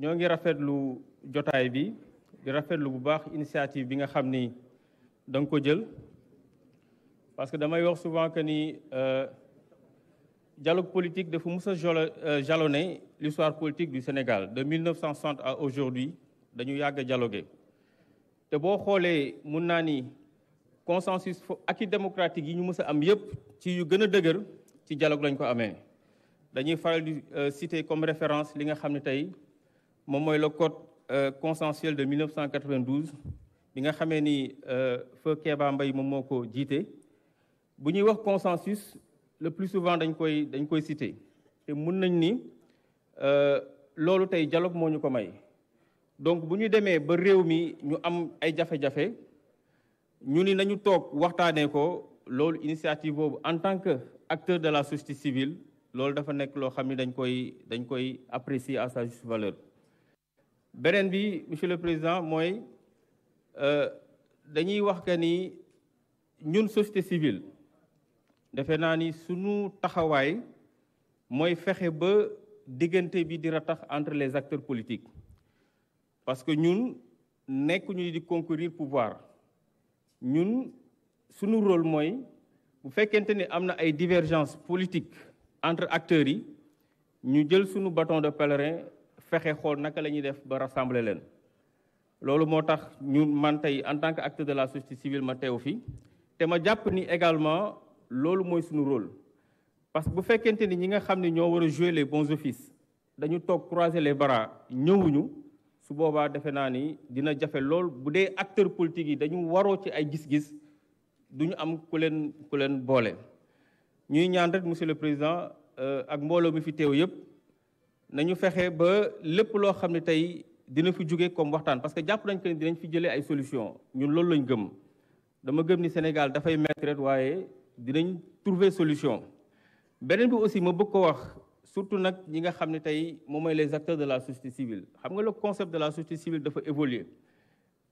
ñoo ngi rafetlu jotaay initiative bi nga parce que damay wax souvent que ni euh, dialogue politique de mus euh, l'histoire politique du Sénégal de 1960 à aujourd'hui dañu New York dialogué te boo xoolee consensus acquis démocratique yi ñu a am yépp dialogue lañ dañuy faral euh, citer comme référence li nga le code euh, consensuel de 1992 bi nga xamee ni euh, feu Mbaye consensus le plus souvent dañ koy dañ koy citer te mun nañ dialogue ko donc bu ñu demee ba réew ñu am ay jafe ñu ni nañu initiative en tant que de la société civile loolu dafa nekk loo à sa juste valeur monsieur le président mooy euh, dañuy wax que société civile defe naa ni ba entre les acteurs politiques parce que ñun nekkuñu di concourir pouvoir ñun sunu rôle mooy bu fekkente ni ay divergences politiques entre acteurs yi ñu jël suñu bâton de pèlerin fexe xool naka la ñuy def ba rassembler leen loolu moo tax ñu man tey en tant que acteur de la société civile ma teew fi te ma jàpp ni également loolu mooy suñu rôle parce que bu fekkente ni ñi nga xam ne ñoo war a jouer les bons offices dañu toog croiser les bras ñëwuñu su boobaa defe naa ni dina jafe lool bu dee acteur politique yi dañu waroo ci ay gis-gis duñu am ku leen ku leen boole ñuy ñaan rek monsieur le président euh, ak mbooloo mi fi teew yëpp nañu fexe ba lépp loo xam ne tey dina fi jóge comme waxtaan parce que jàpp nañ que dinañ fi jëlee ay solution ñun loolu lañ gëm dama gëm ni Sénégal dafay mettre waaye dinañ trouver solution beneen bi aussi ma bëgg ko wax surtout nag ñi nga xam ne tey les acteurs de la société civile xam nga le concept de la société civile dafa évoluer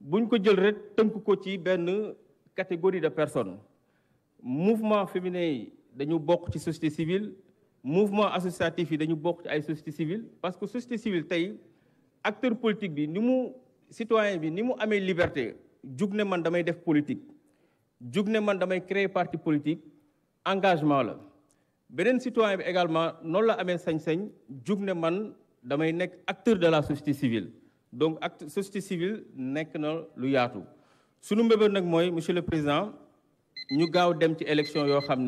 buñ ko jël rek tënk ko ci benn catégorie de personnes mouvement féminin yi dañu bokk ci société civile mouvement associatif yi dañu bokk ci ay société civile parce que société civile tey acteur politique bi ni mu citoyen bi ni mu amee liberté jug ne man damay def politique jug ne man damay créer parti politique engagement la beneen citoyen bi également noonu la amee sañ-sañ jug ne man damay acteur de la société civile donc société civile nekk na lu yaatu sunu mbébét nag mooy monsieur le président ñu gaaw dem ci élection yoo xam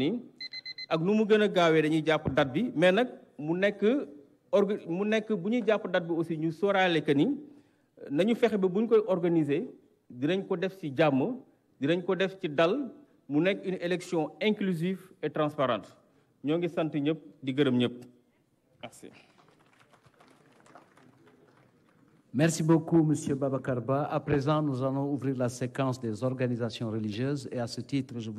ak nu mu gën a gaawee dañuy jàpp date bi mais nag mu nekk orga mu nekk bu ñuy jàpp date bi aussi ñu sóoraale que ni euh, nañu fexe ba bu ñu koy organiser dinañ ko def ci jàmm dinañ ko def ci dal mu nekk une élection inclusive et transparente ñoo ngi sant ñëpp di gërëm ñëpp merci. Merci beaucoup, Monsieur Babakarba. À présent, nous allons ouvrir la séquence des organisations religieuses et à ce titre, je vous